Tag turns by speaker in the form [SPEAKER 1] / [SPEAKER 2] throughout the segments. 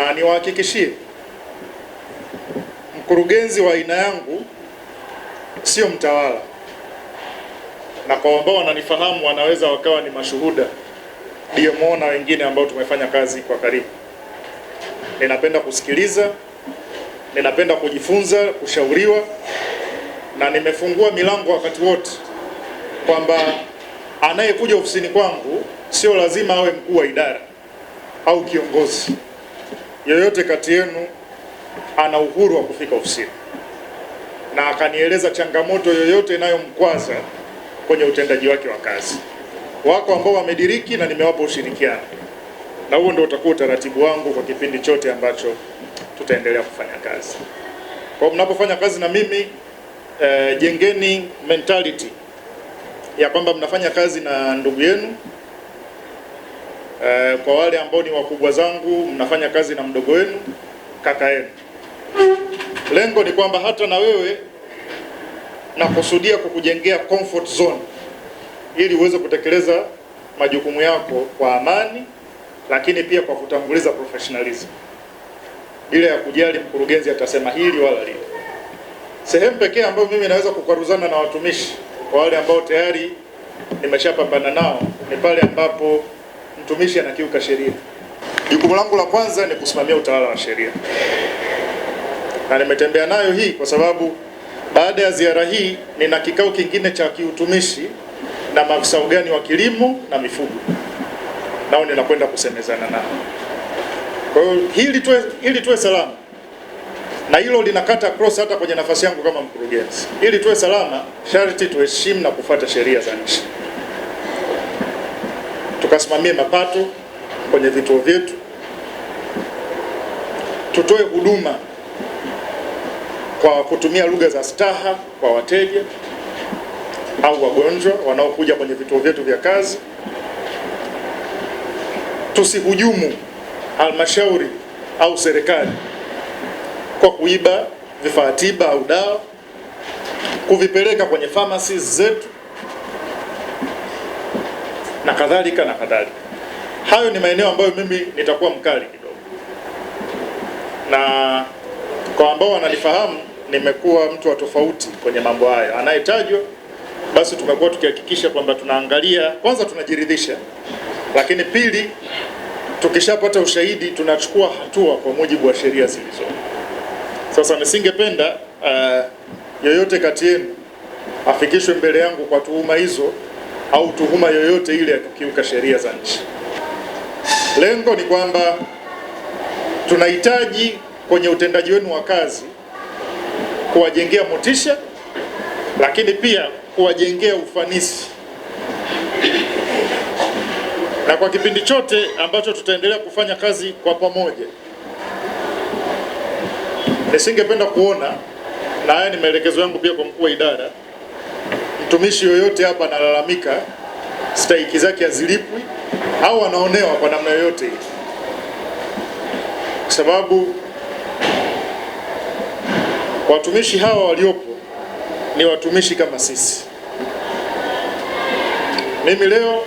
[SPEAKER 1] na niwahakikishie mkurugenzi wa aina yangu sio mtawala, na kwa ambao wananifahamu wanaweza wakawa ni mashuhuda DMO na wengine ambao tumefanya kazi kwa karibu. Ninapenda kusikiliza, ninapenda kujifunza, kushauriwa na nimefungua milango wakati wote kwamba anayekuja ofisini kwangu sio lazima awe mkuu wa idara au kiongozi yoyote kati yenu ana uhuru wa kufika ofisini na akanieleza changamoto yoyote inayomkwaza kwenye utendaji wake wa kazi. Wako ambao wamediriki na nimewapa ushirikiano, na huo ndio utakuwa utaratibu wangu kwa kipindi chote ambacho tutaendelea kufanya kazi. Kwa mnapofanya kazi na mimi eh, jengeni mentality ya kwamba mnafanya kazi na ndugu yenu e, kwa wale ambao ni wakubwa zangu mnafanya kazi na mdogo wenu kaka yenu, lengo ni kwamba hata na wewe nakusudia kukujengea comfort zone ili uweze kutekeleza majukumu yako kwa amani, lakini pia kwa kutanguliza professionalism bila ya kujali mkurugenzi atasema hili wala lile. Sehemu pekee ambayo mimi naweza kukaruzana na watumishi kwa wale ambao tayari nimeshapambana nao ni pale ambapo mtumishi anakiuka sheria. Jukumu langu la kwanza ni kusimamia utawala wa sheria, na nimetembea nayo hii kwa sababu baada ya ziara hii nina kikao kingine cha kiutumishi na maafisa ugani wa kilimo na mifugo, nao ninakwenda kusemezana nao. Kwa hiyo hili tuwe, hili tuwe salama, na hilo linakata cross hata kwenye nafasi yangu kama mkurugenzi. Ili tuwe salama, sharti tuheshimu na kufuata sheria za nchi tukasimamie mapato kwenye vituo vyetu, tutoe huduma kwa kutumia lugha za staha kwa wateja au wagonjwa wanaokuja kwenye vituo vyetu vya kazi. Tusihujumu halmashauri au serikali kwa kuiba vifaa tiba au dawa, kuvipeleka kwenye pharmacies zetu na kadhalika na kadhalika. Hayo ni maeneo ambayo mimi nitakuwa mkali kidogo, na kwa ambao wananifahamu, nimekuwa mtu wa tofauti kwenye mambo hayo. Anayetajwa basi, tumekuwa tukihakikisha kwamba tunaangalia kwanza, tunajiridhisha, lakini pili, tukishapata ushahidi tunachukua hatua kwa mujibu wa sheria zilizo. Sasa nisingependa uh, yoyote kati yenu afikishwe mbele yangu kwa tuhuma hizo au tuhuma yoyote ile ya kukiuka sheria za nchi. Lengo ni kwamba tunahitaji kwenye utendaji wenu wa kazi kuwajengea motisha, lakini pia kuwajengea ufanisi. Na kwa kipindi chote ambacho tutaendelea kufanya kazi kwa pamoja, nisingependa kuona, na haya ni maelekezo yangu pia kwa mkuu wa idara mtumishi yoyote hapa analalamika stahiki zake hazilipwi au anaonewa kwa namna yoyote, kwa sababu watumishi hawa waliopo ni watumishi kama sisi. Mimi leo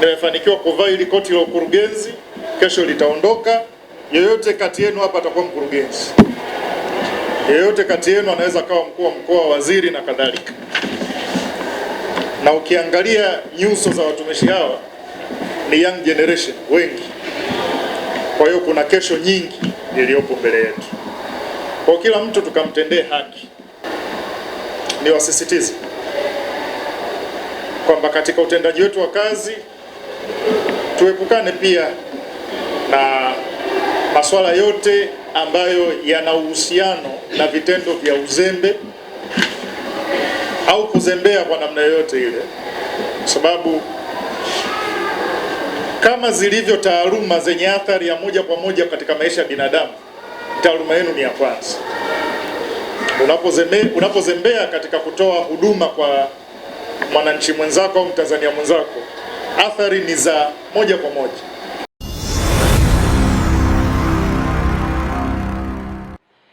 [SPEAKER 1] nimefanikiwa kuvaa hili koti la ukurugenzi, kesho litaondoka. Yeyote kati yenu hapa atakuwa mkurugenzi, yeyote kati yenu anaweza kawa mkuu wa mkoa, waziri na kadhalika na ukiangalia nyuso za watumishi hawa ni young generation wengi. Kwa hiyo kuna kesho nyingi iliyopo mbele yetu, kwa kila mtu tukamtendee haki. Niwasisitize kwamba katika utendaji wetu wa kazi tuepukane pia na masuala yote ambayo yana uhusiano na vitendo vya uzembe au kuzembea kwa namna yoyote ile, kwa sababu kama zilivyo taaluma zenye athari ya moja kwa moja katika maisha ya binadamu, taaluma yenu ni ya kwanza. Unapozembea, unapozembea katika kutoa huduma kwa mwananchi mwenzako au Mtanzania mwenzako, athari ni za moja kwa moja.